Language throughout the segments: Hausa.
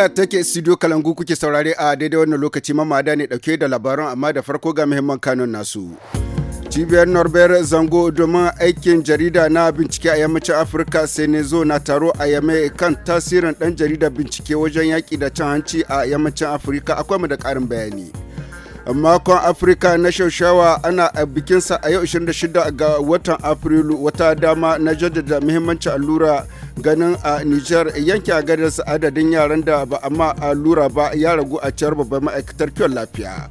Haka take studio Kalangu kuke saurare a daidai wannan lokaci mamada ne dauke da labaran amma da farko ga muhimman kanun nasu. cibiyar norbert zango domin aikin jarida na bincike a yammacin afirka senezo na taro a yame kan tasirin dan jarida bincike wajen yaki da cin hanci a yammacin afirka akwai mu da karin bayani makon afirka na shaushawa ana a bikinsa a yau 26 ga watan afrilu wata dama na jaddada muhimmancin allura ganin a Nijar yanke a gadar adadin yaran da ba amma a lura ba ya ragu a ciyar babbar ma'aikatar kiwon lafiya.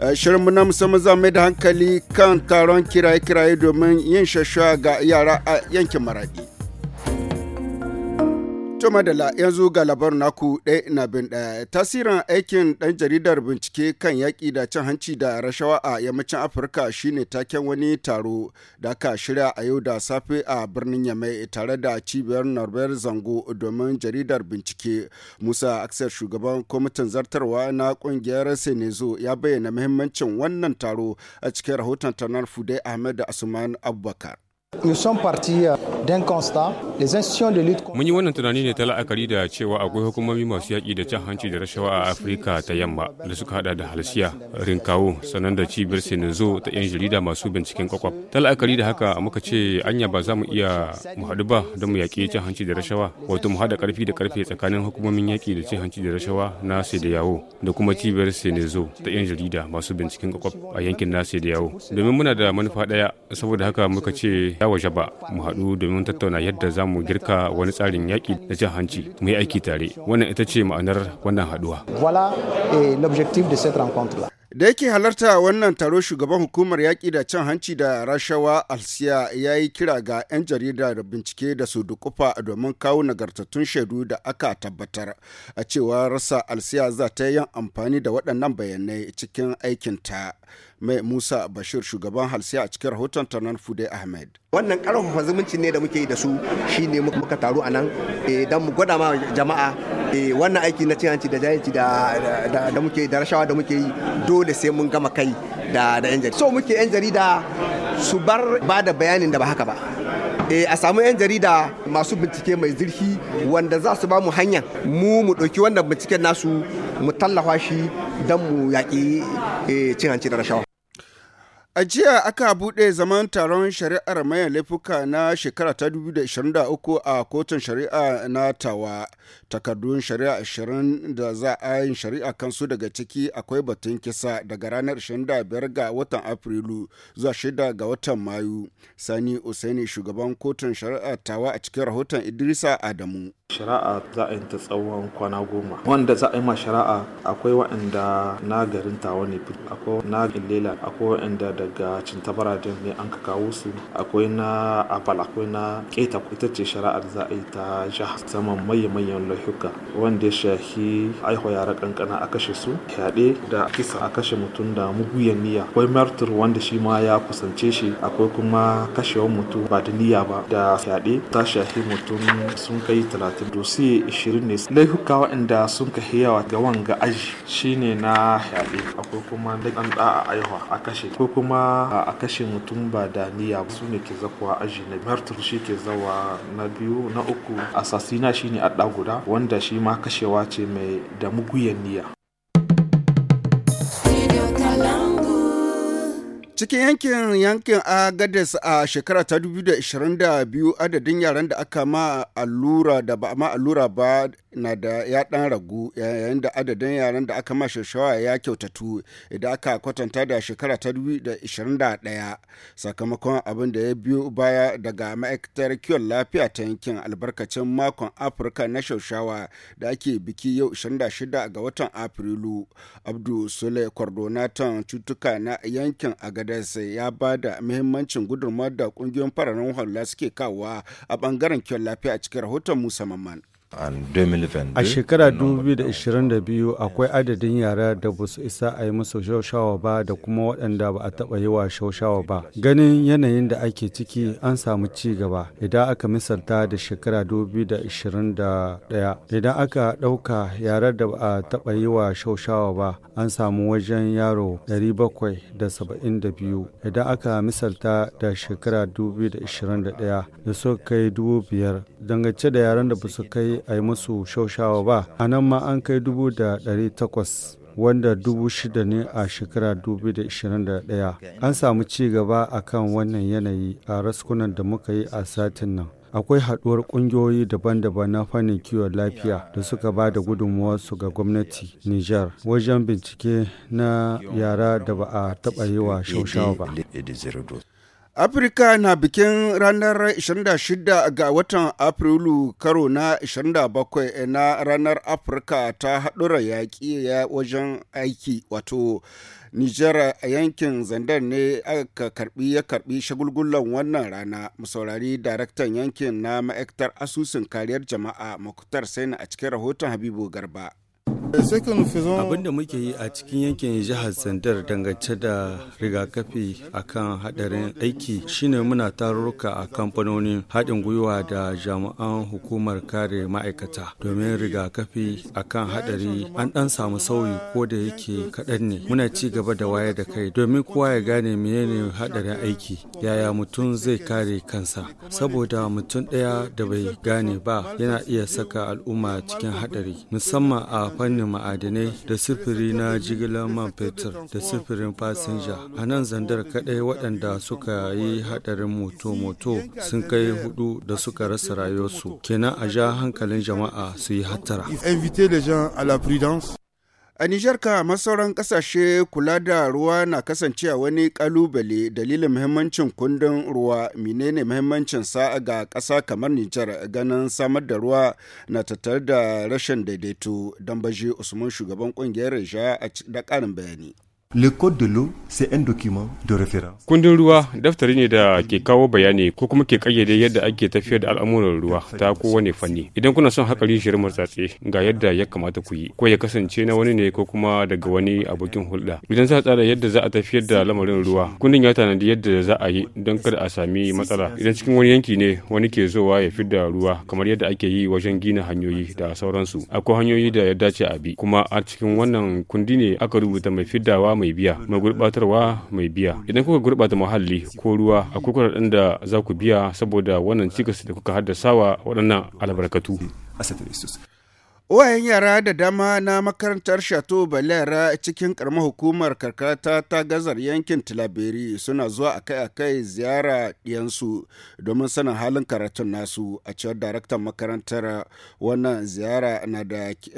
Eh, shirinmu na musamman za mai da hankali kan taron kiraye-kiraye domin yin shasha ga yara a yankin maraɗi. Tuma da yanzu ga labar naku ɗaya na bin ɗaya. Tasirin aikin ɗan jaridar bincike kan yaƙi da cin hanci da rashawa a yammacin Afirka shine taken wani taro da aka shirya a yau da safe a birnin Yamai tare da cibiyar Norbert Zango domin jaridar bincike. Musa Aksar shugaban kwamitin zartarwa na ƙungiyar Senezo ya bayyana muhimmancin wannan taro a cikin rahoton Tanar Fude Ahmed Asuman Abubakar. Mun yi wannan tunani ne ta la'akari da cewa akwai hukumomi masu yaƙi da cin hanci da rashawa a Afirka ta yamma da suka hada da halsiya, rinkawo, sannan da cibiyar Senezo ta 'yan jarida masu binciken kwakwaf. Ta la'akari da haka muka ce anya ba za mu iya mu haɗu ba don mu yaƙi cin hanci da rashawa, wato mu haɗa ƙarfi da ƙarfe tsakanin hukumomin yaƙi da cin hanci da rashawa na Sedeyawo da kuma cibiyar Senezo ta 'yan jarida masu binciken kwakwaf a yankin na Sedeyawo. Domin muna da manufa ɗaya, saboda haka muka ce yawa jaba ba mu haɗu domin tattauna yadda za mu girka wani tsarin yaƙi da cin hanci mu yi aiki tare wannan ita ce ma'anar wannan haɗuwa. Voilà l'objectif de cette rencontre da yake halarta wannan taro shugaban hukumar yaƙi da cin hanci da rashawa alsiya ya yi kira ga 'yan jarida da bincike da su dukufa domin kawo nagartattun shaidu da aka tabbatar a cewa rasa alsiya za ta yin amfani da waɗannan bayanai cikin aikinta mai musa bashir shugaban halsiya a cikin rahoton tarnan fude ahmed wannan ƙarfafa zumunci ne da muke yi da su shine muka taru a nan eh, don mu gwada ma jama'a eh wannan aiki na cin hanci da jayanci da muke da rashawa da muke yi dole sai mun gama kai da da yan jarida so muke yan jarida su bar ba da bayanin da ba haka ba eh, a samu 'yan jarida masu bincike mai zurfi wanda za su ba mu hanya mu mu ɗauki wannan binciken nasu mu tallafa shi don mu yaƙi eh, cin hanci da rashawa A jiya aka buɗe zaman taron shari'ar mayan laifuka na shekara ta 2023 a kotun shari'a na tawa. Takardun shari'a 20 da za a yin shari'a kansu daga ciki akwai batun kisa daga ranar 25 ga watan Afrilu zuwa 6 ga watan Mayu. Sani Usaini shugaban kotun shari'a tawa a cikin rahoton Idrisa Adamu. Shari'a za a yi ta tsawon kwana goma. Wanda za a yi ma shari'a akwai waɗanda na garin tawa ne, akwai na Ilela, akwai waɗanda daga cintabaraden ne an ka kawo su akwai na abal akwai na keta ita ce shari'ar za a yi ta jihar saman mai manyan laifuka wanda ya shahi aiho yara kankana a kashe su fyaɗe da kisa a kashe mutum da muguyan niyya akwai martir wanda shi ma ya kusance shi akwai kuma kashewar mutum ba da niyya ba da fyaɗe ta shahi mutum sun kai talatin dosi ishirin ne laifuka waɗanda sun ka yawa ga wanga aji shine na fyaɗe akwai kuma da ɗan a aihuwa a kashe akwai kuma kuma a kashe mutum ba da niyya su ne ke zakuwa aji na martir shi ke zawa na biyu na uku asasina ne a guda wanda shi ma kashewa ce mai da muguyen niyya cikin yankin yankin agadis a shekara ta 2022 adadin yaran da aka ma allura da ba ma allura ba na da ya dan ragu yayin da adadin yaran da aka mashi shawa ya kyautatu idan aka kwatanta da shekara ta 2021 sakamakon abin da ya biyo baya daga ma'aikatar kiwon lafiya ta yankin albarkacin makon afirka na shaushawa da ake biki yau 26 ga watan afrilu abdu sule kwardonatan cutuka na yankin agadas ya ba da muhimmancin gudunmawar da kungiyoyin fararen hula suke kawowa a bangaren kiwon lafiya a cikin rahoton musa mamman A shekara 2022 akwai adadin yara da ba su isa a yi musu shaushawa ba da kuma waɗanda ba a taɓa yi wa shaushawa ba. Ganin yanayin da ake ciki an samu ci gaba idan aka misalta da shekara 2021. Idan aka ɗauka yara da ba a taɓa yi wa shaushawa ba an samu wajen yaro 772. Idan aka misalta da shekara 2021 da suka kai 5,000 dangance da yaran da ba su kai a yi musu shaushawa ba a nan ma an kai dubu da ɗari takwas wanda dubu shida ne a shekara 2021 an samu ci gaba a kan wannan yanayi a raskunan da muka yi a satin nan akwai haɗuwar ƙungiyoyi daban-daban na fannin kiwon lafiya da suka ba da su ga gwamnati niger wajen bincike na yara da ba a taɓa yi wa shaushawa ba Afirka na bikin ranar 26 ga watan Afrilu karo na 27 na ranar Afirka ta haɗura yaƙi ya wajen aiki wato Nijar a yankin zandar ne aka karbi ya karbi shagulgulan wannan rana musaurari daraktan yankin na ma'aikatar asusun kariyar jama'a Muktar sai a cikin rahoton Habibu Garba. Abin da muke yi a cikin yankin jihar Sandar dangance da rigakafi akan hadarin aiki shine muna tarurruka a kamfanonin haɗin gwiwa da jami'an hukumar kare ma'aikata domin rigakafi akan hadari an ɗan samu sauyi ko da yake kaɗan ne. Muna ci gaba da wayar da kai domin kowa ya gane menene hadarin aiki yaya mutum zai kare kansa saboda mutum ɗaya da bai gane ba yana iya saka al'umma cikin hadari musamman a fannin misalin ma'adinai da sifiri na jigilar man fetur da sifirin fasinja a nan zandar kadai waɗanda suka yi haɗarin moto-moto sun kai hudu da suka rasa rayuwarsu kenan a ja hankalin jama'a su yi hattara A Nijar ka masauran kasashe kula da ruwa na kasancewa wani kalubale dalilin muhimmancin kundin ruwa menene muhimmancin sa ga ƙasa kamar Nijar ganin samar da ruwa na tattare da rashin daidaito don baje Usman shugaban kungiyar a da karin bayani. Le code de l'eau, c'est un document de référence. Kundin ruwa daftari ne da ke kawo bayani ko kuma ke kayyade yadda ake tafiyar da al'amuran ruwa ta kowane fanni. Idan kuna son hakari shirin matsatse ga yadda ya kamata ku yi, ko ya kasance na wani ne ko kuma daga wani abokin hulɗa. Idan za a tsara yadda za a tafiyar da lamarin ruwa, kundin ya tanadi yadda za a yi don kada a sami matsala. Idan cikin wani yanki ne wani ke zowa ya fidda ruwa kamar yadda ake yi wajen gina hanyoyi da sauransu. Akwai hanyoyi da ya dace a bi, kuma a cikin wannan kundi ne aka rubuta mai fiddawa mai biya mai gurbatarwa mai biya idan kuka gurbata muhalli ko ruwa akwai kuɗaɗen da za ku biya saboda wannan cikas da kuka haddasa wa waɗannan albarkatu Wayan yara da dama na makarantar Shato Balera cikin karamar hukumar karkata ta gazar yankin Tilaberi suna zuwa akai-akai ziyara ɗiyansu domin sanin halin karatun nasu a cewar daraktan makarantar wannan ziyara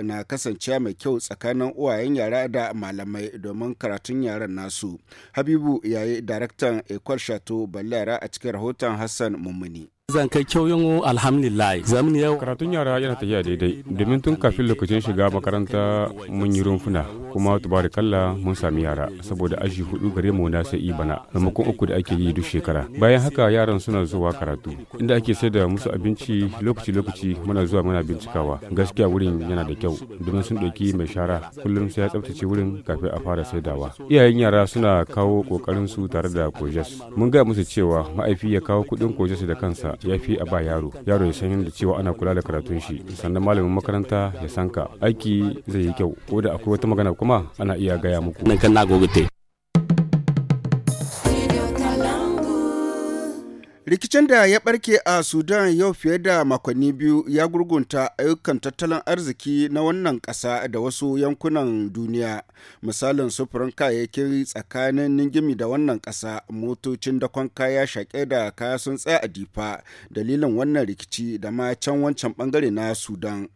na, kasancewa mai kyau tsakanin uwayen yara da malamai domin karatun yaran nasu. Habibu yayi daraktan ekol Shato Balera a cikin rahoton Hassan Mummuni. zan kai kyauyin alhamdulillah zamin yau karatun yara yana tafiya daidai domin tun kafin lokacin shiga makaranta mun yi rumfuna kuma tubarikalla mun sami yara saboda aji hudu gare mu na sai bana maimakon uku da ake yi duk shekara bayan haka yaran suna zuwa karatu inda ake sai da musu abinci lokaci lokaci muna zuwa muna bincikawa gaskiya wurin yana da kyau domin sun ɗauki mai shara kullum sai ya tsabtace wurin kafin a fara saidawa iyayen yara suna kawo kokarin su tare da kojas mun ga musu cewa ma'aifi ya kawo kuɗin kojas da kansa ya fi a ba yaro yaro ya san da cewa ana kula da karatun shi sannan malamin makaranta ya sanka aiki zai yi kyau ko da akwai wata magana kuma ana iya gaya muku Rikicin da ya barke a Sudan yau fiye da makonni biyu ya gurgunta ayyukan tattalin arziki na wannan ƙasa da wasu yankunan duniya. Misalin sufurin kayayyakin tsakanin ningimi da wannan ƙasa motocin dakon kaya shaƙe da kaya sun tsaya a difa dalilin wannan rikici da ma can wancan bangare na Sudan.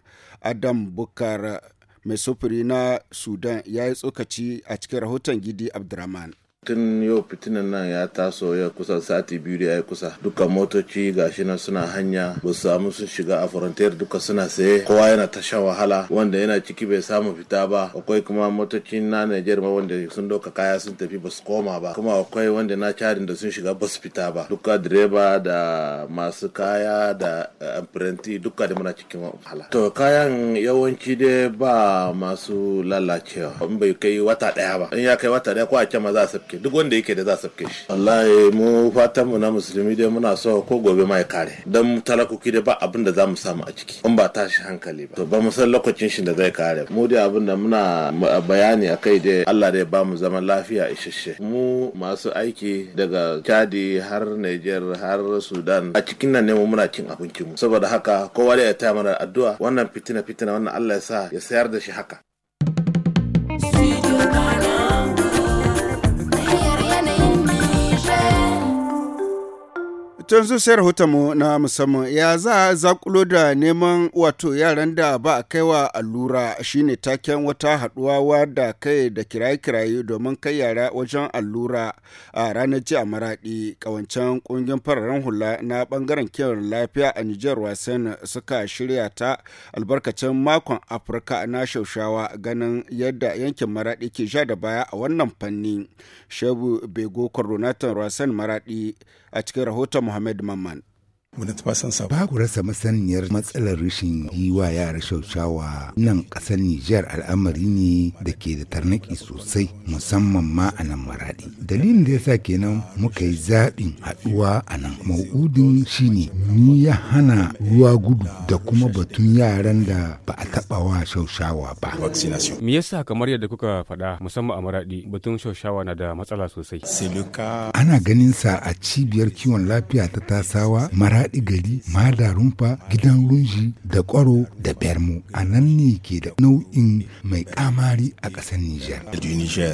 Adam Bukar mai sufuri na Sudan ya yi tsokaci a cikin rahoton gidi Abdurrahman. tun yau fitinan nan ya taso ya kusa sati biyu da ya kusa duka motoci gashi na suna hanya ba su samu sun shiga a frontier duka suna saye kowa yana ta shan wahala wanda yana ciki bai samu fita ba akwai kuma motoci na Niger ma wanda sun doka kaya sun tafi ba su koma ba kuma akwai wanda na carin da sun shiga ba su fita ba duka direba da masu kaya da eh, apprenti duka da muna cikin wahala to kayan yawanci dai ba masu lalacewa in bai kai wata daya ba in ya kai wata daya ko a ce za a sabke duk wanda yake da za safke shi wallahi mu fatan mu na musulmi dai muna so ko gobe ma ya kare dan talakuki da ba abin da za mu samu a ciki in ba tashi hankali ba to ba mu san lokacin shi da zai kare mu dai abin da muna bayani akai dai Allah dai ba mu zaman lafiya isasshe mu masu aiki daga Chadi har Niger har Sudan a cikin nan ne mu muna cin abincin mu saboda haka kowa da ya taya mana addu'a wannan fitina fitina wannan Allah ya sa ya sayar da shi haka. Tun zuciyar mu na musamman ya za a zakulo da neman wato yaran da ba a kai wa allura shine taken wata haduwa da kai da kiraye-kiraye domin kai yara wajen allura a ranar jiya maradi kawancan kungin fararen hula na bangaren kiwon lafiya a Nijar wasan suka shirya ta albarkacin makon Afirka na shaushawa ganin yadda yankin maradi ke sha da baya a wannan fannin Shebu Bego Coronatan Rasan Maradi a cikin rahoton Muhammad Mamman. ba Babu rasa masaniyar matsalar rashin yi wa yara shaushawa nan ƙasar Nijar al'amari ne da ke da tarnaki sosai musamman ma a nan maraɗi. Dalilin da yasa kenan muka yi zaɓin haɗuwa a nan. shi ne. ni ya hana ruwa gudu da kuma batun yaran da ba a taɓa wa shaushawa ba. Me yasa kamar yadda kuka faɗa musamman a maraɗi batun shaushawa na da matsala sosai. Ana ganin sa a cibiyar kiwon lafiya ta tasawa maraɗi maraɗi gari rumfa gidan runji da kwaro da bermo a nan ne ke da nau'in mai kamari a ƙasar nijar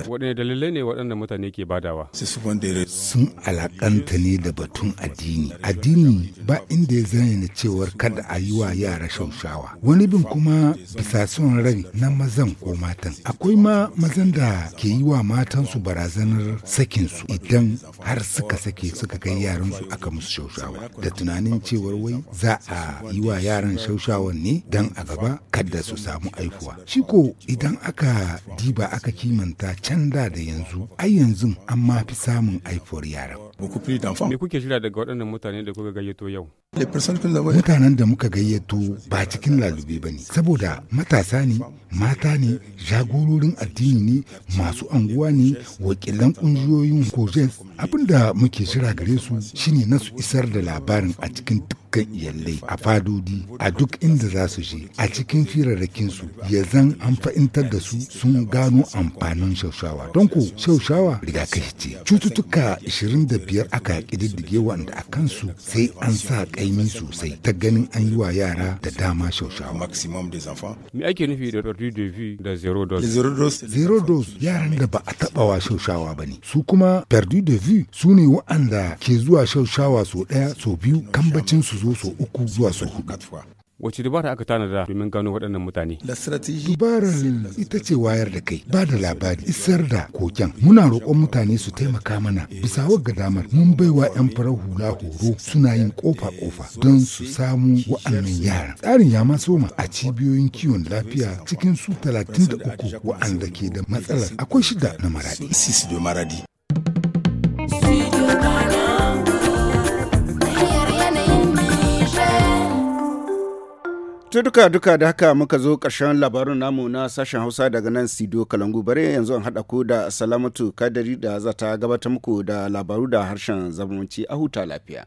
waɗanne dalilai ne waɗanda mutane ke badawa sun alaƙanta ne da batun addini addini ba inda ya zayyana cewar kada a yi wa yara shaushawa wani bin kuma bisa son rai na mazan ko matan akwai ma mazan da ke yi wa matansu barazanar sakinsu idan har suka sake suka kai yaransu aka musu shaushawa da tunani tunanin cewar wai za a yi wa yaran shaushawan ne don a gaba kada su samu aihuwa shi ko idan aka diba aka kimanta can da da yanzu ai yanzu an ma fi samun aifuwar yaran me kuke shirya daga waɗannan mutane da kuka gayyato yau Mutanen da muka gayyato ba cikin lalube ba ne, saboda matasa ne, mata ne, jagororin addini ne, masu anguwa ne, wakilan ƙungiyoyin Kojes. Abin da muke shira gare su shine na su isar da labarin a cikin duk dukkan iyalai a fadodi a duk inda za su je a cikin firarrakin su ya zan an fa'intar da su sun gano amfanin shaushawa don ko shaushawa rigakafi ce cututtuka 25 aka kididdige wanda a kansu sai an sa kaimi sosai ta ganin an yi wa yara da dama shaushawa me ake nufi da de vie da zero dose zero dose yaran da ba a taba wa shaushawa ba ne su kuma perdu de vue su ne wa'anda ke zuwa shaushawa so daya so biyu bacin su zo sau uku zuwa sau hudu wace dubara aka da. domin gano waɗannan mutane dabarar ita ce wayar da kai ba da labari isar da kogin. muna roƙon mutane su taimaka mana bisa wagga damar mun baiwa 'yan farar hula horo suna yin ƙofa-ƙofa don su samu wa'annan yara tsarin ya ma soma a cibiyoyin kiwon lafiya cikin su 33 wa'anda ke da matsalar akwai shida na maradi To duka duka da haka muka zo ƙarshen labarin namu na sashen Hausa daga nan Sido Kalangu bare yanzu an haɗa ku da Salamatu Kadari da za ta gabatar muku da labaru da harshen zamanci a huta lafiya.